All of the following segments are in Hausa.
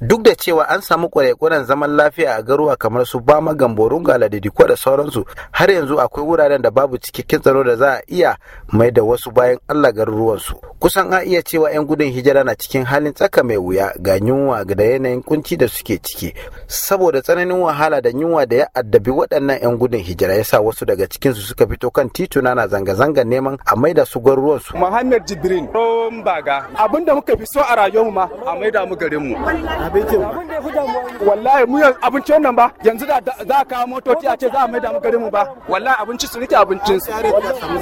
duk da cewa an samu kwarekuren zaman lafiya a garuwa kamar su bama gamborun gala da diko da sauransu har yanzu akwai wuraren da babu cikakken tsaro da za a iya mai da wasu bayan allah garuruwansu kusan a iya cewa 'yan gudun hijira na cikin halin tsaka mai wuya ga yunwa da yanayin kunci da suke ciki saboda tsananin wahala da yunwa da ya addabi waɗannan 'yan gudun hijira yasa wasu daga cikinsu suka fito kan tituna na zanga-zangar neman a mai da su garuruwansu muhammad jibrin baga abinda muka fi so a rayuwarmu ma a mai da mu garinmu abincin abin ya fi wallahi mu yanzu abinci wannan ba yanzu da za a kawo motoci a ce za a mai da mu garin mu ba wallahi abinci su rike abincin su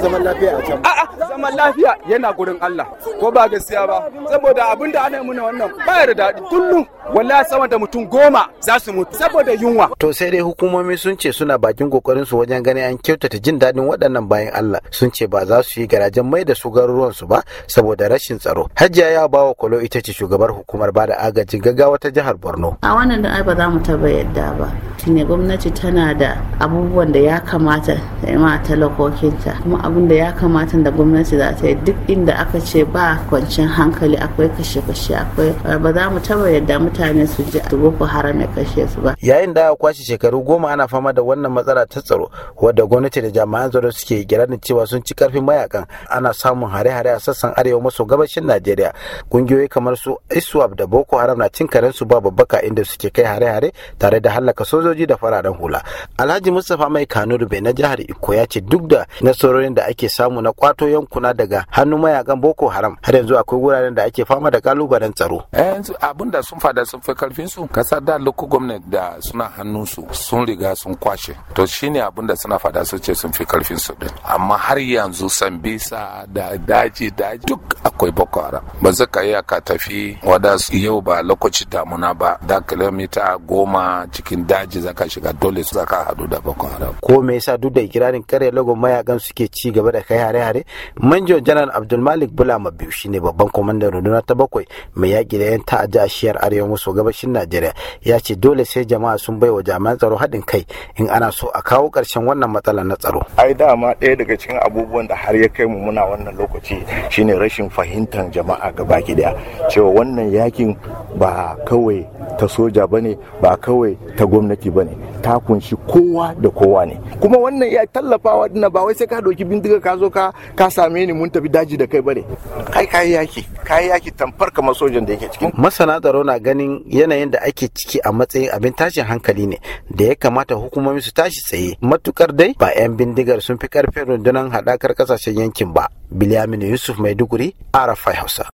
zaman lafiya a can a'a zaman lafiya yana gurin Allah ko ba gaskiya ba saboda abin da ana muna wannan ba da daɗi kullum wallahi sama da mutum goma za su mutu saboda yunwa to sai dai hukumomi sun ce suna bakin kokarin su wajen ganin an kyautata jin daɗin waɗannan bayan Allah sun ce ba za su yi garajen mai da su garuruwan su ba saboda rashin tsaro hajjiya ya bawa kolo ita ce shugabar hukumar bada agajin gaggawa ta jihar Borno a wannan don ai ba za mu taba yadda ba shine gwamnati tana da abubuwan da ya kamata da ma talakokinta kuma abin da ya kamata da gwamnati za ta yi duk inda aka ce ba kwancin hankali akwai kashe-kashe akwai eh, ba za mu taba yadda mutane su ji a boko haram ya kashe su ba yayin da aka kwashe shekaru goma ana fama da wannan matsala ta tsaro wadda gwamnati da jami'an tsaro suke giranin cewa sun ci karfin mayakan ana samun hare-hare a sassan arewa maso gabashin najeriya kungiyoyi kamar su iswap da boko haram na cin su ba babbaka inda suke kai hare-hare tare da hallaka sojoji da fararen hula alhaji mustapha mai kano bai na jihar iko ya ce duk da nasarorin da ake samu na kwato yankuna daga hannun mayakan boko haram har yanzu akwai wuraren da ake fama da kalubalen tsaro eh, yanzu abin da sun fada sun fi karfin su kasa da loko gwamnati da suna hannun su sun riga sun kwashe to shine abin da suna fada su ce sun fi karfin su din amma har yanzu bisa da daji daji duk akwai boko haram ba zaka iya ka tafi wadansu yau ba lokaci damuna ba da kilomita kilomita goma cikin daji zaka shiga dole su zaka hadu da boko haram ko me yasa duk da ikirarin kare lagon mayakan suke ci gaba da kai hare-hare manjo janar abdulmalik bulama biyu shine babban kwamandan runduna ta bakwai mai yaki da yan ta'adda a shiyar arewa maso gabashin najeriya ya ce dole sai jama'a sun bai wa jami'an tsaro haɗin kai in ana so a kawo ƙarshen wannan matsala na tsaro ai dama ɗaya daga cikin abubuwan da har ya kai mu muna wannan lokaci shine rashin fahimtar jama'a gaba ki cewa wannan yakin ba kawai ta soja ba ba ba kawai ta gwamnati bane ta kunshi kowa da kowa ne kuma wannan ya tallafawa dina ba wai sai ka doki bindiga ka zo ka ka same ni mun tafi daji da kai ba ne kai kai yaki kai yaki tamfar kamar sojan da yake cikin masana tsaro na ganin yanayin da ake ciki a matsayin abin tashin hankali ne da ya kamata hukumomi su tashi tsaye matukar dai ba 'yan bindigar sun fi karfin rundunar haɗakar ƙasashen yankin ba biliyamin yusuf maiduguri arafai hausa